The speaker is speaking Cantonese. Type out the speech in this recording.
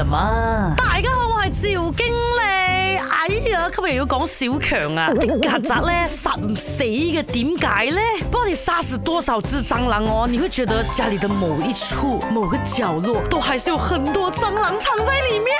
什麼？大家好，我係趙經理。哎呀，今日又要講小強啊，啲曱甴咧殺唔死嘅，點解咧？不管你殺死多少隻蟑螂哦，你會覺得家裏的某一處、某個角落都還是有很多蟑螂藏在，在裏面。